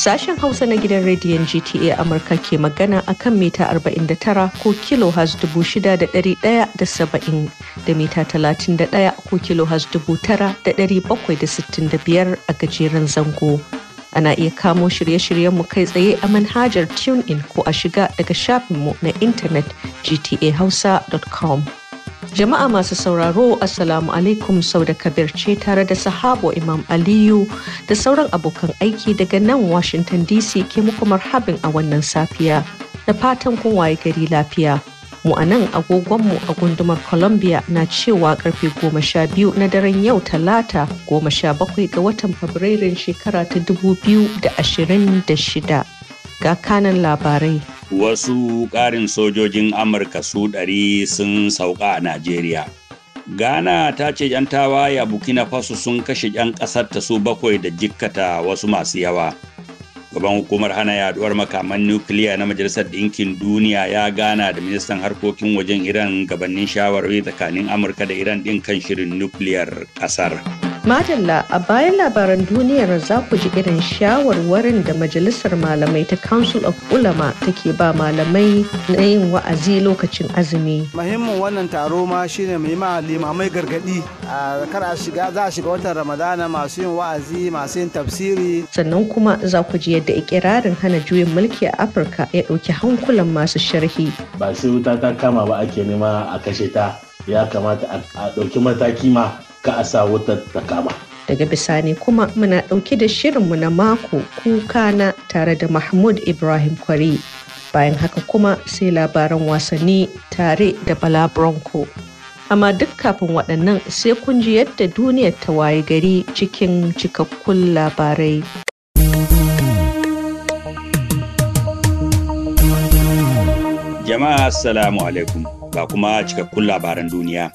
Sashen Hausa na gidan rediyon GTA Amurka ke magana a kan mita 49 ko kilohaz 6,170 da mita 31 ko da biyar a gajeren zango. Ana iya kamo shirye-shiryenmu kai tsaye a manhajar TuneIn ko a shiga daga shafinmu na intanet gtahausa.com. Jama'a masu sauraro Assalamu alaikum sau da kabir ce tare da sahabo Imam Aliyu da sauran abokan aiki daga nan Washington DC ke muku marhabin a wannan safiya. Da fatan kun waye gari lafiya. Mu a nan agogonmu a gundumar Columbia na cewa karfe goma sha biyu na daren yau talata goma sha bakwai ga watan Fabrairun shekara ta dubu biyu da ashirin da shida. Ga kanan labarai. wasu ƙarin sojojin amurka su ɗari sun sauka a najeriya ghana ta ce 'yan tawaya bukina burkina faso sun kashe 'yan ƙasar ta su bakwai da jikkata wasu masu yawa gaban hukumar hana yaduwar makaman nukiliya na majalisar ɗinkin duniya ya gana da ministan harkokin wajen iran gabanin shawarwari tsakanin amurka da iran ɗin kan shirin nukiliyar ƙasar. Madalla a bayan labaran duniyar za ku ji irin shawarwarin da Majalisar Malamai ta Council of Ulama take ba malamai na yin wa'azi lokacin azumi. Muhimmin wannan taro ma shine mai limamai gargadi a kar a shiga za a shiga watan Ramadana masu yin wa'azi masu yin tafsiri. Sannan kuma za ku ji yadda ikirarin hana juyin mulki a Afirka ya ɗauki hankulan masu sharhi. Ba sai wuta ta kama ba ake nema a kashe ta ya kamata a ɗauki mataki ma ka a sa wutar ta kama. Daga bisani kuma muna ɗauke da shirinmu na mako kuka na tare da Mahmud Ibrahim Kwari. Bayan haka kuma sai labaran wasanni tare da Bala Bronco. Amma duk kafin waɗannan sai kun ji yadda duniyar ta waye gari cikin cikakkun labarai. Jama'a Assalamu alaikum ba kuma cikakkun labaran duniya.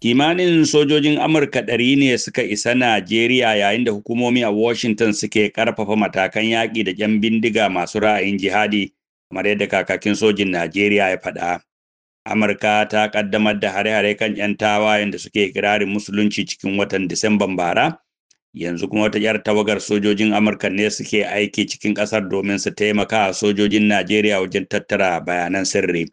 Kimanin sojojin Amurka ɗari ne suka isa Najeriya yayin da hukumomi a Washington suke ƙarfafa matakan yaƙi da ‘yan bindiga masu ra'ayin jihadi, kamar yadda kakakin sojin Najeriya ya faɗa. Amurka ta ƙaddamar da hare-hare kan ‘yan tawayen da suke kirarin musulunci cikin watan Disamban bara, yanzu kuma wata ‘yar tawagar sojojin Amurka ne suke aiki cikin ƙasar domin su taimaka sojojin Najeriya wajen tattara bayanan sirri.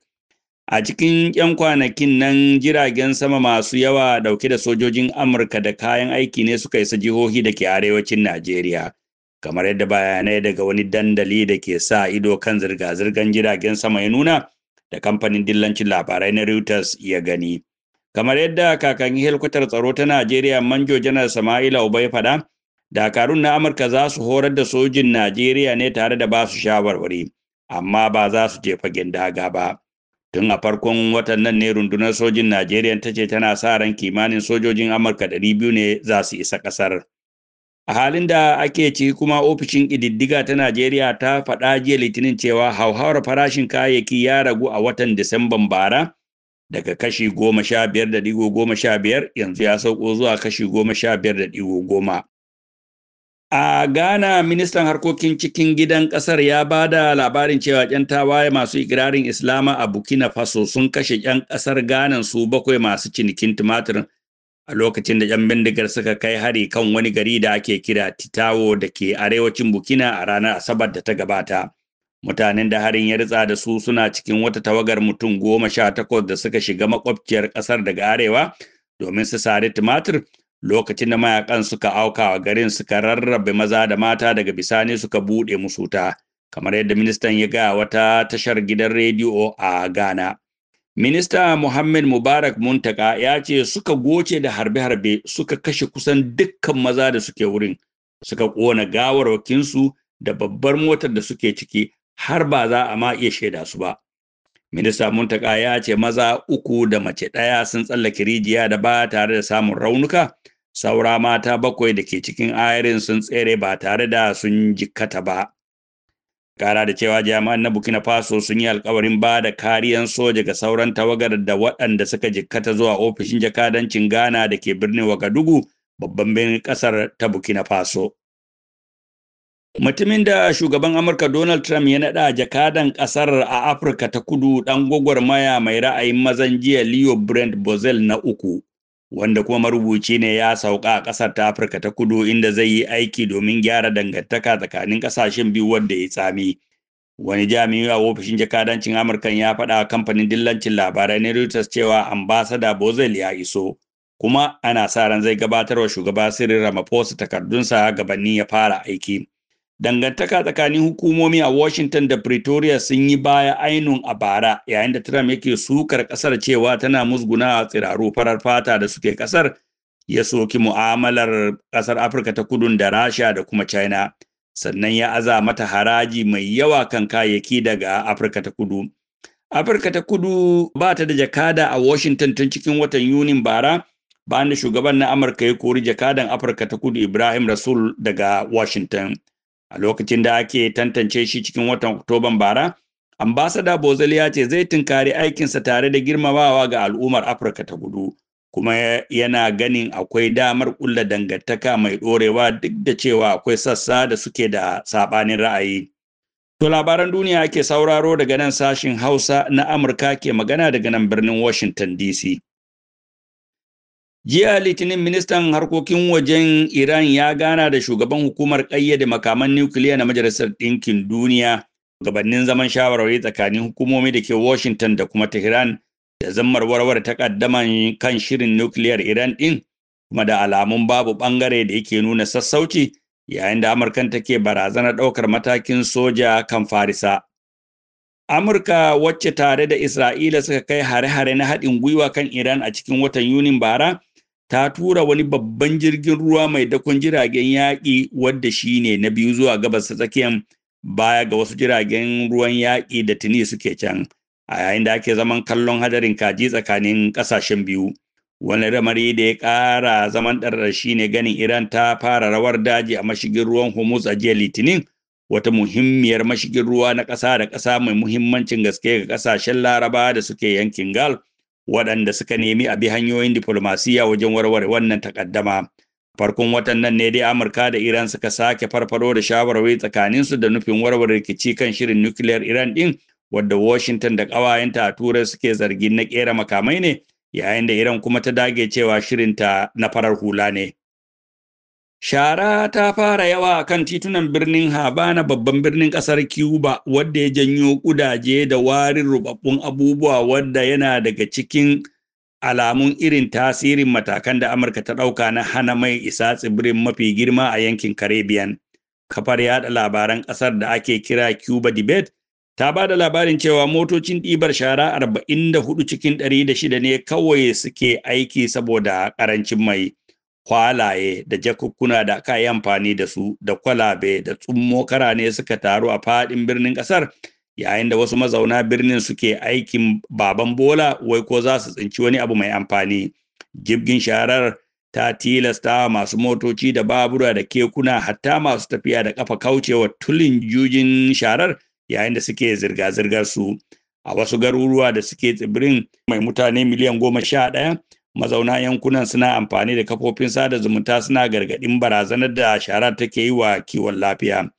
A cikin 'yan kwanakin nan jiragen sama masu yawa ɗauke da sojojin Amurka da kayan aiki ne suka isa jihohi da ke arewacin Najeriya. Kamar yadda bayanai daga wani dandali da ke sa ido kan zirga-zirgar jiragen sama ya nuna da kamfanin dillancin labarai na Reuters ya gani. Kamar yadda kakannin helikwatar tsaro ta Najeriya Manjo Janar Sama'ila Ubai faɗa, dakarun na Amurka za su horar da sojin Najeriya ne tare da ba su shawarwari, amma ba za su je fagen daga ba. tun a farkon watan nan ne rundunar sojin najeriya ta ce tana sa ran kimanin sojojin amurka ɗari biyu ne za su isa ƙasar a halin da ake ci kuma ofishin ƙididdiga ta najeriya ta faɗa jiya litinin cewa hauhawar farashin kayayyaki ya ragu a watan disamban bara daga kashi goma sha biyar da digo goma sha biyar yanzu ya sauko zuwa kashi goma sha biyar da digo goma A Ghana, ministan harkokin cikin gidan ƙasar ya ba da labarin cewa 'yan tawaye masu ikirarin Islama a Burkina Faso sun kashe 'yan ƙasar Ghana su bakwai masu cinikin tumatir a lokacin da 'yan bindigar suka kai hari kan wani gari da ake kira Titawo da ke arewacin Burkina a ranar Asabar da ta gabata. Mutanen da harin ya ritsa da su suna cikin wata tawagar mutum goma sha takwas da suka shiga makwabciyar ƙasar daga arewa domin su sari tumatir lokacin da mayakan suka auka wa garin suka rarrabe maza da mata daga bisani suka buɗe musu ta, kamar yadda ministan ya ga wata tashar gidan rediyo a ghana minista muhammad mubarak muntaka ya ce suka goce da harbe-harbe suka kashe kusan dukkan maza da suke wurin suka ƙona gawarwakinsu da babbar motar da suke ciki har ba za a ma iya shaida su ba Minista Muntaka ya ce maza uku da mace ɗaya sun tsallake rijiya da ba tare da samun raunuka, saura mata bakwai da ke cikin ayarin sun tsere ba tare da sun jikkata ba. Kara da cewa jami'an na Burkina Faso sun yi alkawarin ba da kariyan soja ga sauran tawagar da waɗanda suka jikkata zuwa ofishin jakadancin Ghana da ke birnin Wagadugu babban birnin ƙasar ta Burkina Faso. Mutumin da shugaban Amurka Donald Trump ya naɗa jakadan ƙasar a Afirka ta kudu ɗan gwagwarmaya mai ra'ayin mazan jiya Leo Brent Bozel na uku, wanda kuma marubuci ne ya sauka a ƙasar ta Afirka ta kudu inda zai yi aiki domin gyara dangantaka tsakanin ƙasashen biyu wanda ya tsami. Wani jami'i a ofishin jakadancin Amurkan ya faɗa kamfanin dillancin labarai na Reuters cewa ambasada Bozel ya iso. Kuma ana sa ran zai gabatar wa shugaba Cyril Ramaphosa takardunsa gabanin ya fara aiki. Dangantaka tsakanin hukumomi a Washington da Pretoria sun yi baya ainun a bara yayin da Trump yake sukar kasar cewa tana musguna tsiraru farar fata da suke kasar ya soki mu'amalar kasar Afirka ta kudun da Rasha da kuma China. Sannan ya aza mata haraji mai yawa kan kayayyaki daga Afirka ta kudu. Afirka ta kudu ba ta da jakada a Washington tun cikin watan Yunin bara bayan da shugaban na Amurka ya kori jakadan Afirka ta kudu Ibrahim Rasul daga Washington. a lokacin da ake tantance shi cikin watan oktoban bara ambasada bozali ya ce zai tunkari aikinsa tare da girmamawa ga al'ummar afirka ta gudu kuma yana ganin akwai damar ƙulla dangantaka mai ɗorewa duk da cewa akwai sassa da suke da saɓanin ra'ayi to labaran duniya ake sauraro daga nan sashin hausa na amurka ke magana daga nan birnin washington dc Jiya Litinin ministan harkokin wajen Iran ya gana da shugaban hukumar ƙayyade makaman nukiliya na Majalisar Ɗinkin Duniya, gabanin zaman shawarwari tsakanin hukumomi da ke Washington da kuma Tehran da zammar warware takaddaman kan shirin nukiliyar Iran ɗin, kuma da alamun babu ɓangare da yake nuna sassauci yayin da Amurkan take barazanar ɗaukar matakin soja kan Farisa. Amurka wacce tare da Isra'ila suka kai hare-hare na haɗin gwiwa kan Iran a cikin watan Yunin bara, ta tura wani babban jirgin ruwa mai dakon jiragen yaƙi wadda shi ne na biyu zuwa gabas ta tsakiyar baya ga wasu jiragen ruwan yaƙi da tuni suke can a yayin da ake zaman kallon hadarin kaji tsakanin ƙasashen biyu wani ramari da ya ƙara zaman ɗarar shi ne ganin iran ta fara rawar daji a mashigin ruwan hormuz a jiya litinin wata muhimmiyar mashigin ruwa na ƙasa da ƙasa mai muhimmancin gaske ga ƙasashen laraba da suke yankin gal waɗanda suka nemi a bi hanyoyin diflomasiya wajen warware wannan takaddama. Farkon watan nan ne dai Amurka da Iran suka sake farfaro da shawarwari tsakaninsu da nufin warware rikici kan shirin nukiliyar Iran ɗin wadda Washington da ƙawayenta a Turai suke zargin na ƙera makamai ne yayin da Iran kuma ta dage cewa shirinta na farar hula ne. Shara ta fara yawa a kan titunan birnin Habana babban birnin ƙasar Cuba wadda ya janyo ƙudaje da warin rubabbun abubuwa wadda yana daga cikin alamun irin tasirin matakan da Amurka ta ɗauka na hana mai isa tsibirin mafi girma a yankin Caribbean. Kafar yada labaran ƙasar da ake kira Cuba Debate ta ba da labarin cewa motocin ɗibar shara 44 cikin 106 ne kawai suke aiki saboda ƙarancin mai. kwalaye da jakukkuna da aka yi amfani da su da kwalabe da tsummo ne suka taru a faɗin birnin ƙasar yayin da wasu mazauna birnin suke aikin baban bola wai ko za su tsinci wani abu mai amfani jibgin sharar ta tilasta masu motoci da babura da kekuna hatta masu tafiya da kafa kaucewa tulin jujin sharar yayin da suke zirga-zirgar su a wasu garuruwa da suke tsibirin mai mutane miliyan goma sha ɗaya mazauna yankunan suna amfani da kafofin sada zumunta suna gargaɗin barazanar da shara take yi wa kiwon lafiya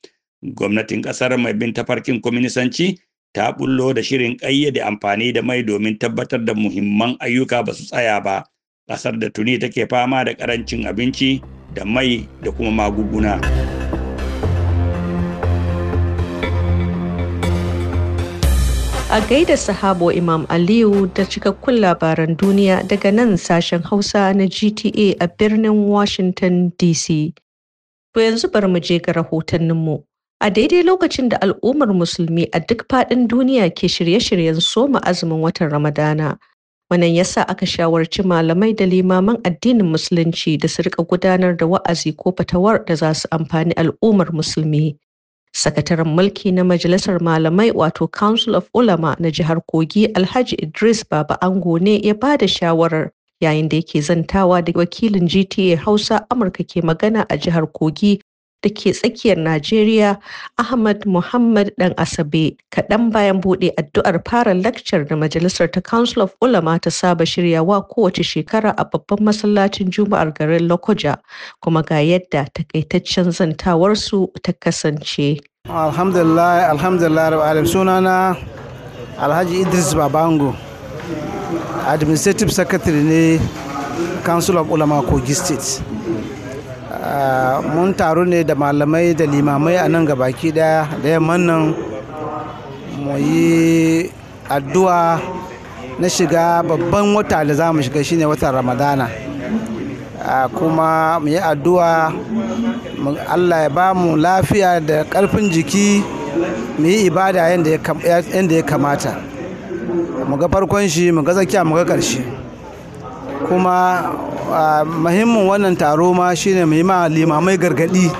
gwamnatin ƙasar mai bin tafarkin kwaminisanci ta bullo da shirin ƙayyade amfani da mai domin tabbatar da muhimman ayyuka ba su tsaya ba ƙasar da tuni take fama da ƙarancin abinci da mai da kuma magunguna. a gaida sahabo Imam Aliyu da cikakkun labaran duniya daga nan sashen Hausa na GTA a birnin Washington DC. To yanzu bar mu je ga rahotanninmu. A daidai lokacin da al'ummar musulmi a duk faɗin duniya ke shirye-shiryen soma azumin watan Ramadana. Wannan yasa aka shawarci malamai da limaman addinin musulunci da su rika gudanar da wa'azi ko fatawar da za su amfani al'ummar musulmi. sakataren mulki na majalisar malamai wato council of ulama na jihar kogi alhaji idris baba ango ne ya ba da shawarar yayin da yake zantawa da wakilin gta hausa amurka ke magana a jihar kogi da ke tsakiyar Najeriya Ahmad Muhammad Dan Asabe kaɗan bayan buɗe addu'ar fara lakcar da majalisar ta Council of Ulama ta saba shiryawa kowace shekara a babban masallacin Juma'ar garin Lokoja kuma ga yadda takaitaccen zantawarsu ta kasance. alhamdulillah alhamdulillah sunana alhaji idris babangu administrative secretary ne council of ulama kogi state ah, mun taru ne da malamai da limamai a nan gabaki daya da yamman nan mu yi addu'a na shiga babban wata da za mu shiga shine watan ramadana kuma mu yi addu'a allah ya ba mu lafiya da karfin jiki mu yi ibada yadda ya kamata mu ga farkon shi mu ga tsakiya mu ga ƙarshe kuma muhimmin wannan taro ma shine mu yi ma limamai gargaɗi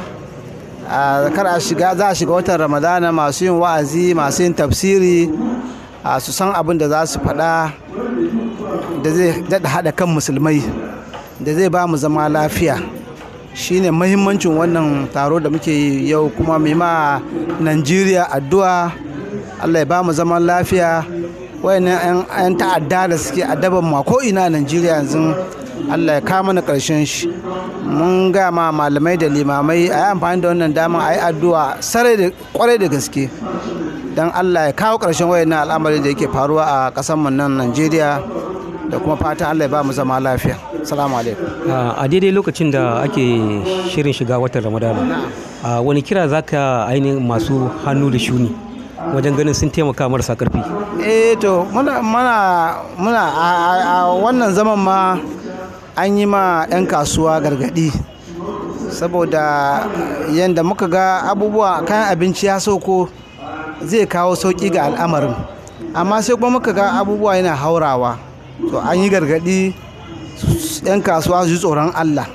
kar a shiga za a shiga watan ramadana masu yin wa'azi masu yin tafsiri su san abin da za su faɗa da zai daɗa haɗa kan musulmai da zai ba mu zama lafiya shine mahimmancin wannan taro da muke yau kuma mai ma Najeriya addu'a Allah ya ba mu zaman lafiya wayannan 'yan ta'adda da suke adaban ma ko ina Najeriya yanzu Allah ya kama na karshen shi mun ga ma malamai da limamai a yi amfani da wannan damar a yi addu'a sarai da kwarai da gaske don Allah ya kawo karshen wayan al'amari da yake faruwa a ƙasar nan Najeriya da kuma fatan Allah ya ba mu zama lafiya salamu alaikum a daidai lokacin da ake shirin shiga watan ramadana wani kira za ka ainihin masu hannu da shuni wajen ganin sun taimaka marasa karfi eh to muna a wannan zaman ma an yi ma 'yan kasuwa gargadi saboda yadda muka ga abubuwa kayan abinci ya sauko zai kawo sauki ga al'amarin amma sai kuma muka ga abubuwa yana haurawa to an yi gargadi 'yan kasuwa su tsoron Allah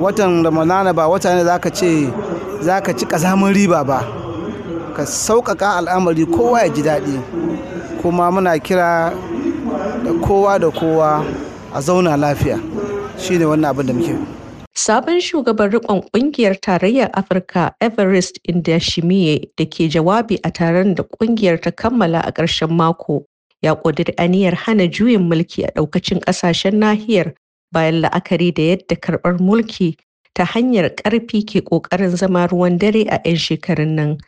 watan ramadana ba wata ne zaka ce zaka ci kazamin riba ba ka sauƙaƙa al'amari kowa ya ji daɗi kuma muna kira da kowa da kowa a zauna lafiya shine wannan abin da muke Sabon shugaban riƙon ƙungiyar tarayyar Afirka Everest Indashimiye da ke jawabi a taron da ƙungiyar ta kammala a ƙarshen mako ya ƙudiri aniyar hana juyin mulki a ɗaukacin ƙasashen nahiyar bayan la'akari da yadda karɓar mulki ta hanyar ƙarfi ke ƙoƙarin zama ruwan dare a 'yan shekarun nan.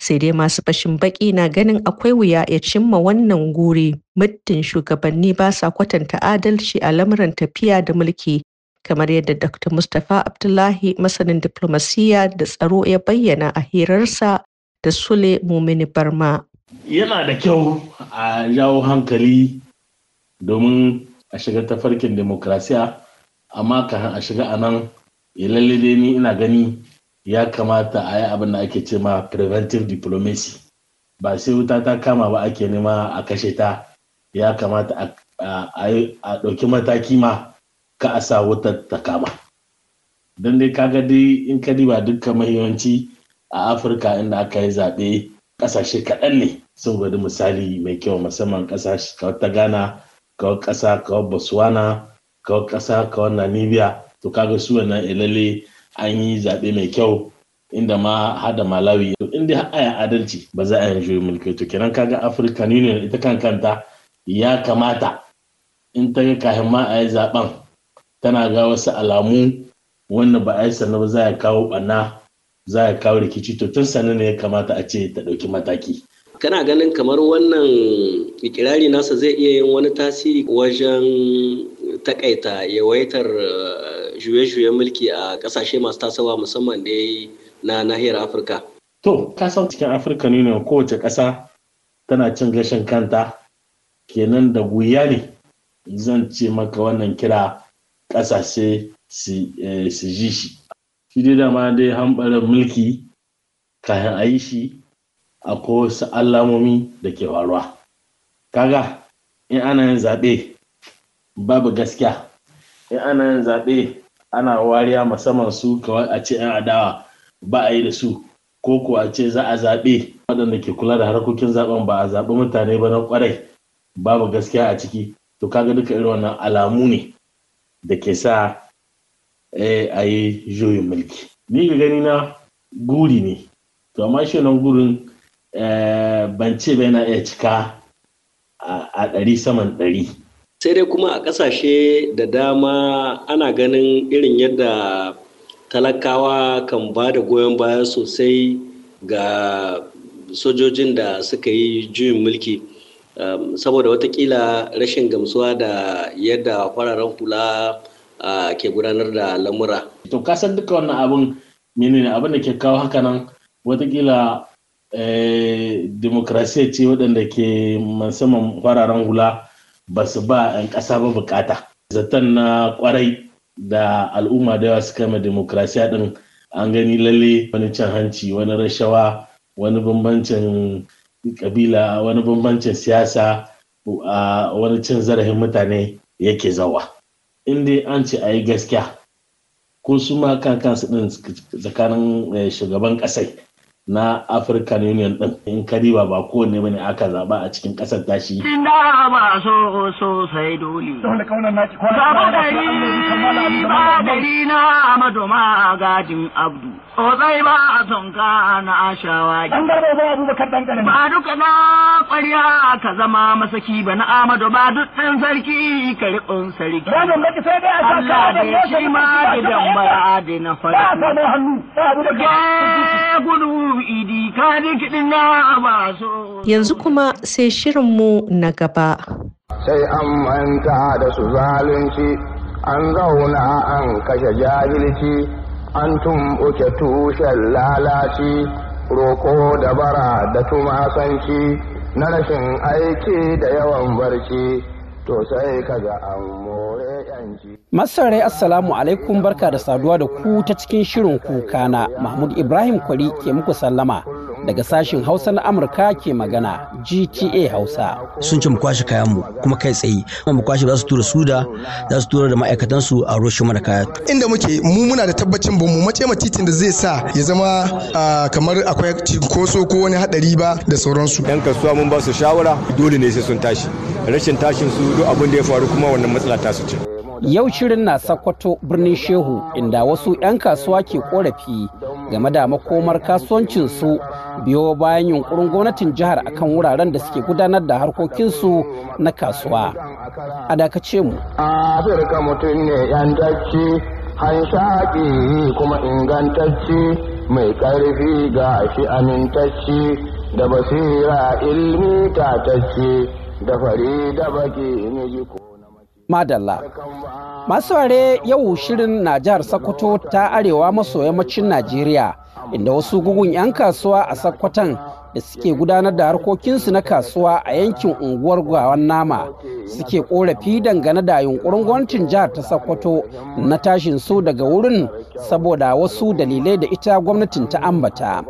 Sai dai masu fashin baƙi na ganin akwai wuya ya cimma wannan guri muddin shugabanni ba sa kwatanta adalci a lamuran tafiya da mulki kamar yadda Dr. Mustapha Abdullahi masanin diplomasiya da tsaro ya bayyana a hirarsa da Sule Mumini Barma. yana da kyau a jawo hankali domin a shiga tafarkin demokrasiya amma kafin a shiga a nan lalle dai ni ina gani ya kamata a yi abin da ake ce ma preventive diplomacy ba sai wuta ta kama ba ake nema a kashe ta ya kamata a ɗauki mataki ma ka a sa wutar ta kama don dai kaga dai in ka ba dukkan mahimmanci a afirka inda aka yi zaɓe kasashe kaɗan ne saboda misali mai kyau musamman ƙasashe kawar ta ghana kawar ƙasa kawar botswana kawar ƙasa kawar namibia to kaga su wannan ilale eh, an yi zaɓe mai kyau inda ma hada malawi inda aya adalci ba za a yi juyin mulki to kenan kaga african union ita kan kanta ya kamata in ta ga kahin ma a yi zaben tana ga wasu alamu wanda ba a yi sannan ba za a kawo ɓanna za a kawo rikici to tun sannan ne ya kamata a ce ta ɗauki mataki kana ganin kamar wannan ikirari nasa zai iya yin wani tasiri wajen takaita yawaitar eh, juye-juyen mulki a ƙasashe masu tasawa musamman da na nahiyar afirka to kasan cikin afirka ne ne kowace ƙasa tana cin gashin kanta kenan da wuya ne zan ce maka wannan kira ƙasashe su eh, ji shi shi dai dama dai hambarin mulki kayan a yi shi akwai alamomi da ke faruwa kaga in ana yin zaɓe babu gaskiya in ana yin zaɓe ana wariya musamman su kawai a ce 'yan adawa ba a yi da su ko ko a ce za a zaɓe waɗanda ke kula da harkokin zaɓen ba a zaɓi mutane ba na ƙwarai, babu gaskiya a ciki to kaga duka irin wannan alamu ne da ke sa a yi juyin mulki ni ga gani na guri ne to amma shi nan gurin eh, ban ce bai na iya cika a ɗari saman ɗari sai dai kuma a ƙasashe da dama ana ganin irin yadda talakawa kan ba da goyon baya sosai ga sojojin da suka yi juyin mulki um, saboda watakila rashin gamsuwa da yadda fararen hula ke gudanar da lamura. To kasan duka wannan abin menene abin da ke kawo haka nan watakila eh, demokrasiya ce waɗanda ke musamman fararen hula ba su ba 'yan ƙasa ba bukata. Zaton na kwarai da al'umma da yawa suka kama demokrasiya ɗin an gani lalle wani cin hanci wani rashawa wani bambancin kabila wani bambancin siyasa wani cin zarafin mutane yake zawa in dai an ce a yi gaskiya ko su ma kan kansu ɗin tsakanin eh, shugaban ƙasai na African Union din in kariba ba kowanne bane aka zaba a cikin kasar tashi ina ba so so sai dole dole kaunan naki ba dari na Amadu ma gadin Abdu o zai ba son ka na ashawa garba ba Abubakar dan ba duka na ƙwarya ka zama masaki ba na Amadu ba duk ɗan sarki ka riƙon sarki wannan baki sai dai a Allah da shi ma gidan bara da na fara ba ta hannu ba gudu Yanzu kuma sai shirinmu na gaba. Sai an manta da su zalunci, an zauna an kashe jahilci, an tumɓuke tushen lalaci, Roko da bara da tumasanci, na rashin aiki da yawan barci, to sai kaga an more yanci. Masarai Assalamu alaikum barka da saduwa da ku ta cikin shirin kuka na Mahmud Ibrahim Kwari ke muku sallama daga sashin Hausa na Amurka ke magana GTA Hausa. Sun ce mu kwashe kayanmu kuma kai tsaye. Kuma mu kwashe za su tura suda, za su tura da ma'aikatan su a roshe mana kaya. Inda muke mu muna da tabbacin ba mu mace ma titin da zai sa ya zama kamar akwai cinkoso ko wani hadari ba da sauransu. Yan kasuwa mun ba su shawara dole ne sai sun tashi. Rashin tashin su duk abin da ya faru kuma wannan matsala ta su ce. Yau shirin na Sakwato birnin Shehu inda wasu 'yan kasuwa ke korafi game da makomar kasuwancinsu biyo bayan yunkurin gwamnatin jihar akan wuraren da suke gudanar da harkokinsu na kasuwa. A dakace mu. Afirka mutum ne hanshaƙi kuma ingantacci mai ƙarfi ga shi amintacci da basira ilmi tatacci da fari da baki ne Madalla. Masu ware yau shirin na jihar Sokoto ta arewa maso yammacin Najeriya inda wasu gugun 'yan kasuwa a Sokoton da suke gudanar da harkokinsu na kasuwa a yankin unguwar gawan nama suke korafi dangane da yunkurin gwamnatin jihar ta Sokoto na tashin su daga wurin saboda wasu dalilai da ita gwamnatin ta ambata.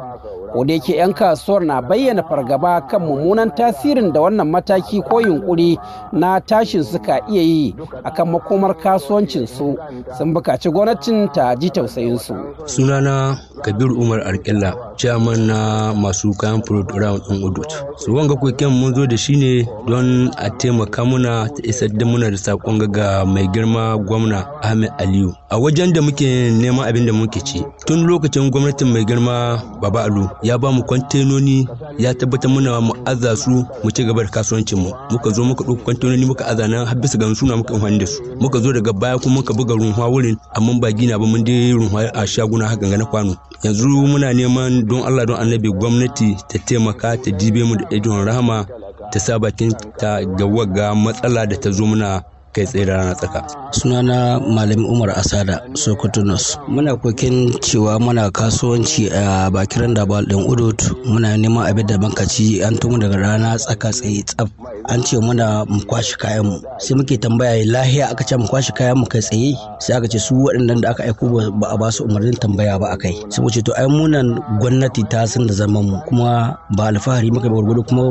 da yake 'yan kasuwar na bayyana fargaba kan mummunan tasirin da wannan mataki ko yunkuri na tashin suka iya yi akan makomar kasuwancin su sun bukaci gwamnatin ta ji tausayin tausayinsu. sunana Kabiru umar arkella chairman na masu kayan product round din udut su wanga koken mun zo da shi ne don a taimaka muna muna isa da muna da sakon ga mai girma gwamna Ahmed Aliyu. A wajen da muke neman abin da muke ci tun lokacin gwamnatin mai girma Baba Alu ya ba mu kwantenoni ya tabbatar muna mu aza su mu ci gaba da kasuwancin mu. Muka zo muka ɗauki kwantenoni muka aza nan har bisa ga suna muka amfani da su. Muka zo daga baya kuma muka buga runhuwa wurin amma ba gina ba mun dai runhuwa a shaguna haka ga na kwano. Yanzu muna neman don Allah don Annabi gwamnati ta taimaka ta dibe mu da idon rahama ta sa bakin ta ga wagga matsala da ta zo mana kai tsaye da rana tsaka. Sunana Malam Umar Asada Sokoto North. Muna kokin cewa muna kasuwanci a da bal din Udut muna neman abin da ci. an tumu daga rana tsaka tsaye tsaf. An ce muna mu kwashi kayan mu. Sai muke tambaya lahiya aka ce mu kwashi kayan mu kai tsaye sai aka ce su waɗannan da aka aiko ba a ba su umarnin tambaya ba akai. Sai mu ce to ai munan gwamnati ta san da zaman mu kuma ba alfahari muka bai gudu kuma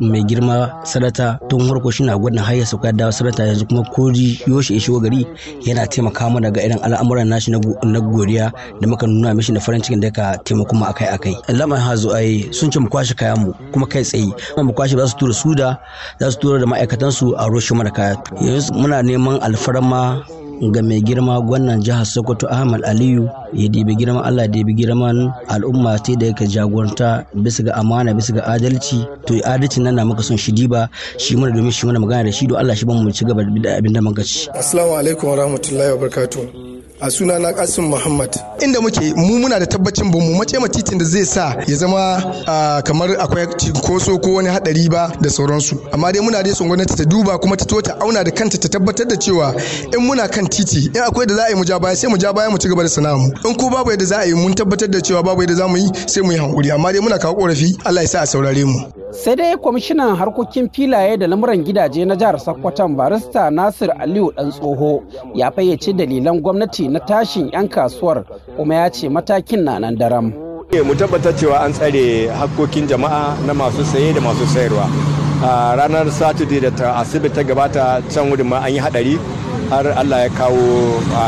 mai girma sanata tun harko shi na gwamnati har ya sauka da sanata yanzu kuma kori yoshi ya shigo gari yana taimaka mana ga irin al'amuran nashi na godiya da muka nuna mishi na farin cikin da ka taimako mu akai akai lamar hazo ai sun ce mu kwashe kayan mu kuma kai tsaye mu kwashe ba su tura suda za su tura da ma'aikatan su a roshi mana kaya yanzu muna neman alfarma ga mai girma gwannan jihar Sokoto Ahmad Aliyu ya dibi girma Allah ya dibi girman al'umma ce da yake jagoranta bisa ga amana bisa ga adalci to adalci nan na muka son shi diba shi mana domin shi mana magana da shi don Allah shi ban mu ci gaba da abin da muka ci. Assalamu alaikum wa rahmatullahi wa barakatuh. a suna na kasim muhammad inda muke mu muna da tabbacin ba mu mace titin da zai sa ya zama kamar akwai cinkoso ko wani hadari ba da sauransu amma dai muna dai son gwamnati ta duba kuma ta ta tota auna da kanta ta tabbatar da cewa in muna kan titi in akwai da za a yi mu ja baya sai mu ja baya mu ci gaba da sana'a mu in ko babu yadda za a yi mun tabbatar da cewa babu yadda za mu yi sai mu yi hankuri amma dai muna kawo korafi Allah ya sa a saurare mu sai dai kwamishinan harkokin filaye da lamuran gidaje na jihar sokoton barista nasir aliyu dan tsoho ya fayyace dalilan gwamnati na tashin 'yan kasuwar kuma ya ce matakin na nan daram eh, mu tabbatar cewa an tsare hakkokin jama'a na masu saye da masu sayarwa a ranar saturday da ta asibi ta gabata can wurin ma an yi hadari har allah ya kawo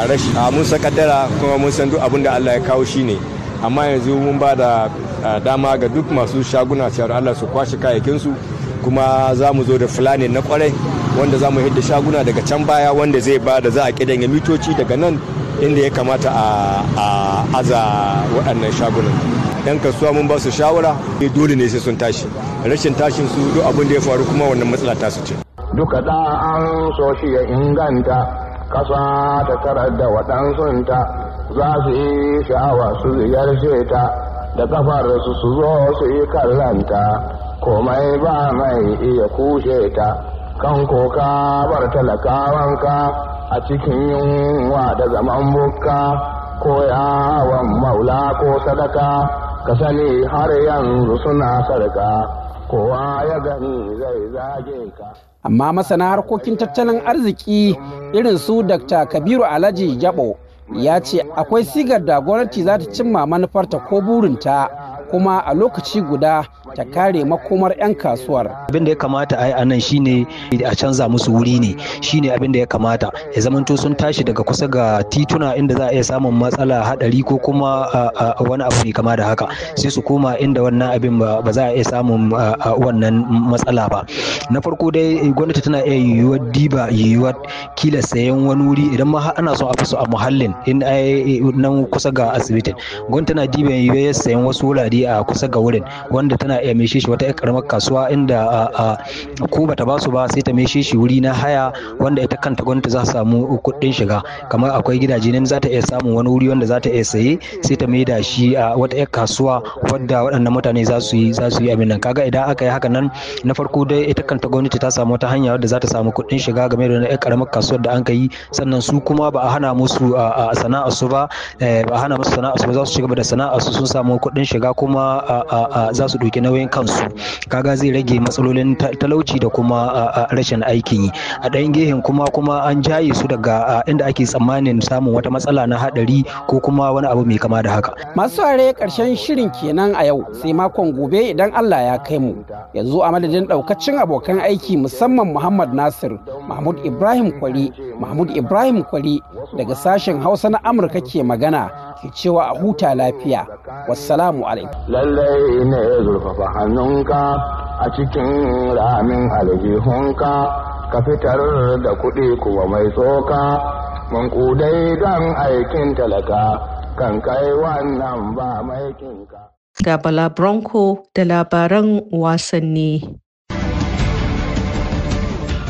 rashi mun san kaddara kuma mun san duk abin da allah ya kawo shine amma yanzu mun ba da dama ga duk masu shaguna cewar allah su kwashe su kuma za mu zo da fulani na kwarai wanda za mu hidda shaguna daga can baya wanda zai ba da za a ya mitoci daga nan inda ya kamata a aza waɗannan shagunan yan kasuwa mun ba su shawara eh, dole ne sai sun tashi rashin tashin su duk abin da ya faru kuma wannan matsala ta su ce duka da an so shi ya inganta kasa ta tarar da waɗansunta za su yi sha'awa su ziyarce ta da kafarsu su zo su yi kallanta komai ba mai iya kushe ta kan koka bar talakawanka a cikin yunwa da zaman bukka ko yawon maula ko sadaka ka sani har yanzu suna sarka kowa ya gani zai zage ka amma masana harkokin tattalin arziki irin su dr kabiru alhaji jabo ya ce akwai sigar da gwamnati za ta cimma manufarta ko burinta kuma a lokaci guda ta kare makomar 'yan kasuwar. Abin da ya kamata a yi a nan shine a canza musu wuri ne shine abin da ya kamata ya zamanto sun tashi daga kusa ga tituna inda za a iya samun matsala hadari ko kuma wani abu ne kama da haka sai su koma inda wannan abin ba za a iya samun wannan matsala ba na farko dai gwamnati tana iya yiwuwar diba yiwuwar kila sayan wani wuri idan ma ana son a fi su a muhallin in nan kusa ga asibitin gwamnati tana diba yiwuwar sayan wasu wurare a kusa ga wurin wanda tana iya meshe shi wata karamar kasuwa inda ko bata basu ba sai ta meshe shi wuri na haya wanda ita kanta gwamnati za su samu kuɗin shiga kamar akwai gidaje nan za ta iya samun wani wuri wanda za ta iya saye sai ta maida shi a wata yar kasuwa wadda waɗannan mutane za su yi za su yi a nan kaga idan aka yi haka nan na farko dai ita kanta gwamnati ta samu wata hanya wadda za ta samu kuɗin shiga game da wani karamar kasuwar da an ka yi sannan su kuma ba a hana musu su ba eh, ba a hana musu sana'arsu ba za su shiga da su sun samu kuɗin shiga kuma kuma za su ɗauki nauyin kansu kaga zai rage matsalolin talauci da kuma rashin aikin yi a ɗayan gehen kuma kuma an jaye su daga inda ake tsammanin samun wata matsala na haɗari ko kuma wani abu mai kama da haka masu are ƙarshen shirin kenan a yau sai makon gobe idan Allah ya kai mu yanzu a madadin ɗaukacin abokan aiki musamman Muhammad Nasir Mahmud Ibrahim Kwari Mahmud Ibrahim Kwari daga sashen Hausa na Amurka ke magana ke cewa a huta lafiya wassalamu alaikum lallai ne zurfafa hannunka a cikin ramin aljihunka ka fitar da kuɗi kuma mai tsoka Mun kudai don aikin talaka kan kai wannan ba maikinka. Gabala Bronco da labaran wasanni.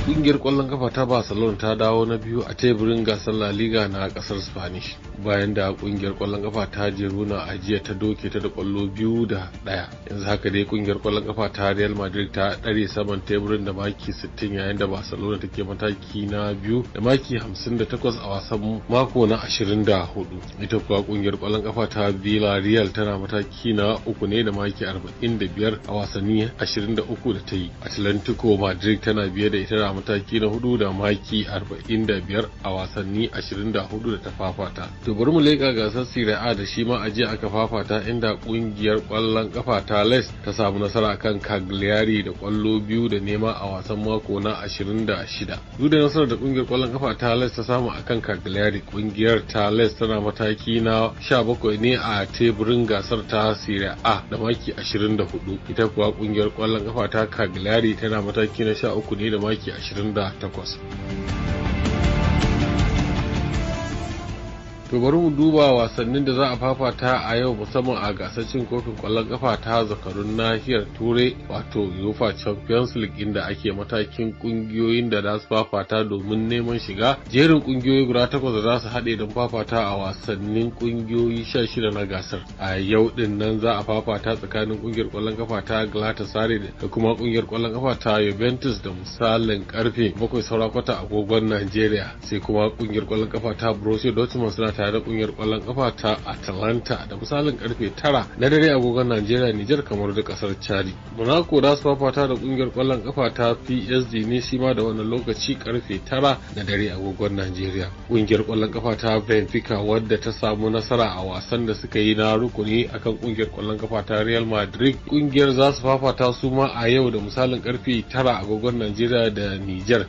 Ƙungiyar ƙwallon kafa ta Barcelona ta dawo na biyu a teburin gasar La Liga na ƙasar Spanish bayan da ƙungiyar ƙwallon kafa ta Girona a jiya ta doke ta da ƙwallo biyu da ɗaya. Yanzu haka dai ƙungiyar ƙwallon kafa ta Real Madrid ta dare saman teburin da maki 60 yayin da Barcelona take mataki na biyu da maki 58 a wasan mako na 24. Ita kuwa ƙungiyar ƙwallon kafa ta Villarreal tana mataki na uku ne da maki 45 a wasanni 23 da ta yi. Atlantico Madrid tana biye da ita a mataki na hudu da maki 45 a wasanni 24 da ta fafata. To mu leƙa gasar Serie A da shi ma a jiya aka fafata inda kungiyar ƙwallon kafa ta Les ta samu nasara kan Cagliari da ƙwallo biyu da nema a wasan mako na 26. Duk da nasarar da kungiyar ƙwallon kafa ta Les ta samu akan Cagliari kungiyar ta Les tana mataki na 17 ne a teburin gasar ta Serie A da maki 24. Ita kuwa kungiyar ƙwallon kafa ta Cagliari tana mataki na 13 ne da maki da takwas. to bari mu duba wasannin da za a fafata a yau musamman a gasar cin kofin kwallon kafa ta zakarun nahiyar turai wato uefa champions league inda ake matakin kungiyoyin da za su fafata domin neman shiga jerin kungiyoyi guda takwas da za su haɗe don fafata a wasannin kungiyoyi sha shida na gasar a yau din nan za a fafata tsakanin kungiyar kwallon kafa ta galatasaray da kuma kungiyar kwallon kafa ta juventus da misalin karfe bakwai saurakwata agogon najeriya sai kuma kungiyar kwallon kafa ta borussia dortmund suna tare da kungiyar kwallon kafa ta Atalanta da misalin karfe 9 na dare agogon Najeriya Nijar kamar da kasar Chadi. Monaco da su fafata da kungiyar kwallon kafa ta PSG ne shi ma da wannan lokaci karfe 9 na dare agogon Najeriya. Kungiyar kwallon kafa ta Benfica wadda ta samu nasara a wasan da suka yi na rukuni akan kungiyar kwallon kafa ta Real Madrid kungiyar za su fafata su ma a yau da misalin karfe 9 agogon Najeriya da Nijar.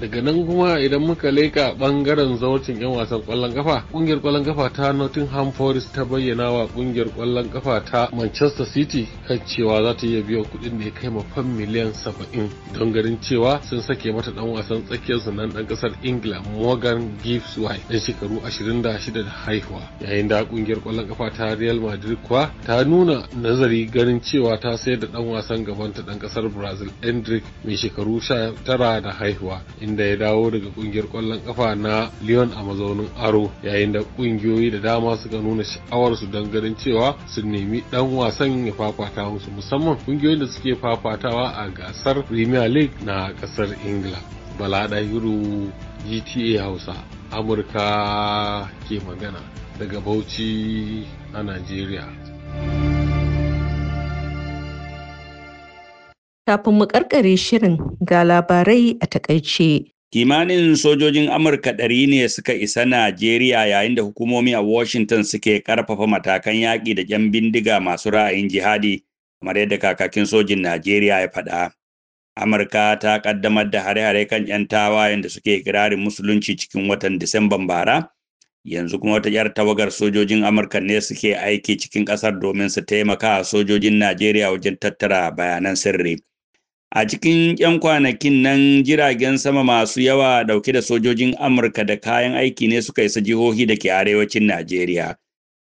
daga nan kuma idan muka leka bangaren zaucin yan wasan kwallon kafa kungiyar kwallon kafa ta Nottingham Forest ta bayyana wa kungiyar kwallon kafa ta Manchester City kan cewa za ta iya biyan kuɗin da ya kai mafan miliyan saba'in. don garin cewa sun sake mata dan wasan tsakiyar su nan dan kasar Ingila Morgan Gibbs White dan shekaru 26 da haihuwa yayin da kungiyar kwallon kafa ta Real Madrid kuwa ta nuna nazari ganin cewa ta sayar da dan wasan gaban ta dan kasar Brazil Endrick mai shekaru 19 da haihuwa inda ya dawo daga kungiyar kwallon kafa na Lyon a mazaunin aro yayin da kungiyoyi da dama suka nuna sha'awarsu don ganin cewa sun nemi dan wasan ya fafata musu musamman kungiyoyin da suke fafatawa a gasar Premier League na kasar Ingila. Bala Dahiru GTA Hausa Amurka ke magana daga Bauchi a Najeriya. Kafin mu karkare shirin ga labarai a takaice. Kimanin sojojin Amurka ɗari ne suka isa Najeriya yayin da hukumomi a Washington suke ƙarfafa matakan yaƙi da 'yan bindiga masu ra'ayin jihadi, kamar yadda kakakin sojin Najeriya ya faɗa. Amurka ta ƙaddamar da hare-hare kan 'yan tawayen da suke kirarin musulunci cikin watan Disamban bara, yanzu kuma wata 'yar tawagar sojojin Amurka ne suke aiki cikin ƙasar domin su taimaka sojojin Najeriya wajen tattara bayanan sirri. A cikin 'yan kwanakin nan jiragen sama masu yawa ɗauke da sojojin Amurka da kayan aiki ne suka isa jihohi da ke arewacin Najeriya.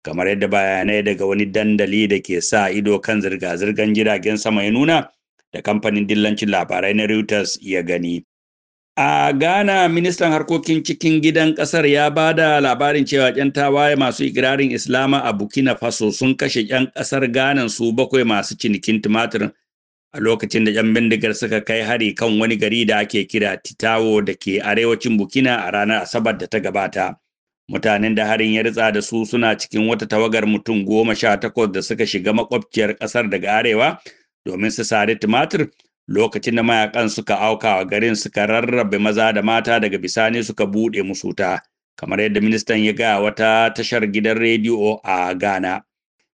Kamar yadda bayanai daga wani dandali da ke sa ido kan zirga-zirgar jiragen sama ya nuna da kamfanin dillancin labarai na Reuters ya gani. A Ghana, ministan harkokin cikin gidan ƙasar ya ba da labarin cewa 'yan tawaye masu ikirarin Islama a Burkina Faso sun kashe 'yan ƙasar Ghana su bakwai masu cinikin tumatir a lokacin da 'yan bindigar suka kai hari kan wani gari da ake kira Titawo da ke arewacin Bukina a ranar Asabar da ta gabata. Mutanen da harin ya ritsa da su suna cikin wata tawagar mutum goma sha takwas da suka shiga makwabciyar ƙasar daga arewa domin su sari tumatir lokacin da mayakan suka auka wa garin suka rarrabe maza da mata daga bisani suka buɗe musu ta kamar yadda ministan ya gaya wata tashar gidan rediyo a Ghana.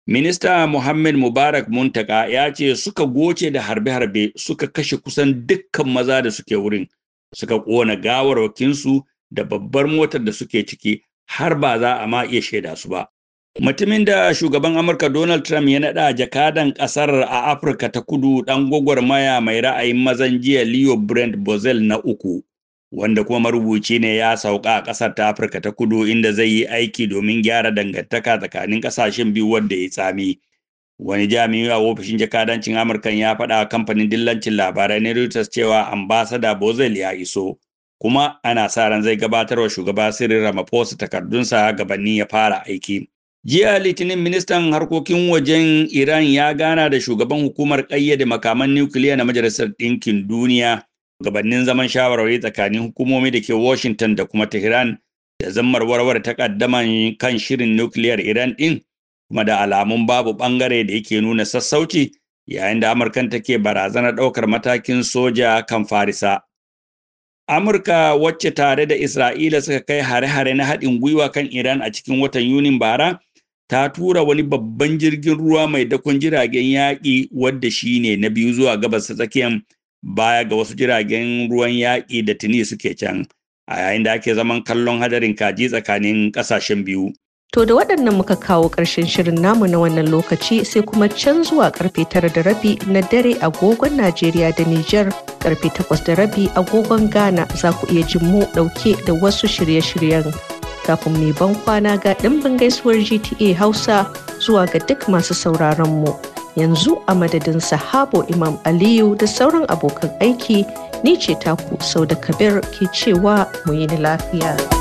Minista Muhammad Mubarak Muntaka ya ce suka goce da harbe-harbe suka kashe kusan dukkan maza da suke wurin, suka ƙona wakinsu da babbar motar da suke ciki har ba za a ma iya shaida su ba. Mutumin da shugaban Amurka Donald Trump ya naɗa jakadan ƙasar a Afirka ta kudu ɗan gwagwarmaya mai ra'ayin mazan jiya Leo Brent Bozel na uku wanda kuma marubuci ne ya sauka a ƙasar ta Afirka ta kudu inda zai yi aiki domin gyara dangantaka tsakanin ƙasashen biyu wanda ya tsami. Wani jami'i a ofishin jakadancin amurka ya faɗa kamfanin dillancin labarai na Reuters cewa ambasada Bozel ya iso, kuma ana sa ran zai gabatar wa shugaba Cyril Ramaphosa takardunsa gabanni ya fara aiki. Jiya Litinin ministan harkokin wajen Iran ya gana da shugaban hukumar ƙayyade makaman nukiliya na Majalisar Ɗinkin Duniya gabanin zaman shawarwari tsakanin hukumomi da ke Washington da kuma Tehran da zammar warware takaddaman kan shirin nukiliyar Iran ɗin kuma da alamun babu ɓangare da yake nuna sassauci yayin da Amurkan take barazanar ɗaukar matakin soja kan Farisa. Amurka wacce tare da Isra'ila suka kai hare-hare na haɗin gwiwa kan Iran a cikin watan Yunin bara ta tura wani babban jirgin ruwa mai dakon jiragen yaƙi wadda shine na biyu zuwa gabas ta tsakiyar baya ga wasu jiragen ruwan yaƙi da tuni suke can a yayin da ake zaman kallon hadarin kaji tsakanin ƙasashen biyu. To da waɗannan muka kawo ƙarshen shirin namu na wannan lokaci sai kuma can zuwa ƙarfe tara da rabi na dare agogon Najeriya da Nijar ƙarfe takwas da rabi agogon Ghana za ku iya jin mu ɗauke da wasu shirye-shiryen. Kafin mai ban kwana ga ɗimbin gaisuwar GTA Hausa zuwa ga duk masu sauraron mu. yanzu a madadin sahabo imam aliyu da sauran abokan aiki ni ce taku sau da kabir ke cewa mu yi lafiya.